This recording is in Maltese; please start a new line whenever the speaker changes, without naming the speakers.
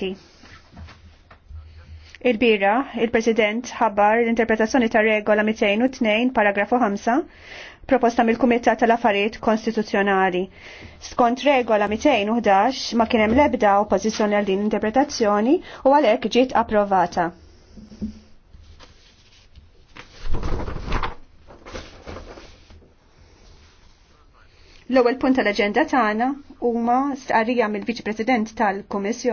Kollegi,
Il-bira, il-President ħabbar l-interpretazzjoni ta' regola 202 paragrafu 5 proposta mill-Kumitat tal-Affarijiet Konstituzzjonali. Skont regola 211 ma kien hemm l-ebda oppożizzjoni għal din interpretazzjoni u għalhekk ġiet approvata. L-ewwel punt tal-aġenda tagħna huma stqarrija mill-Viċi President tal-Kummissjoni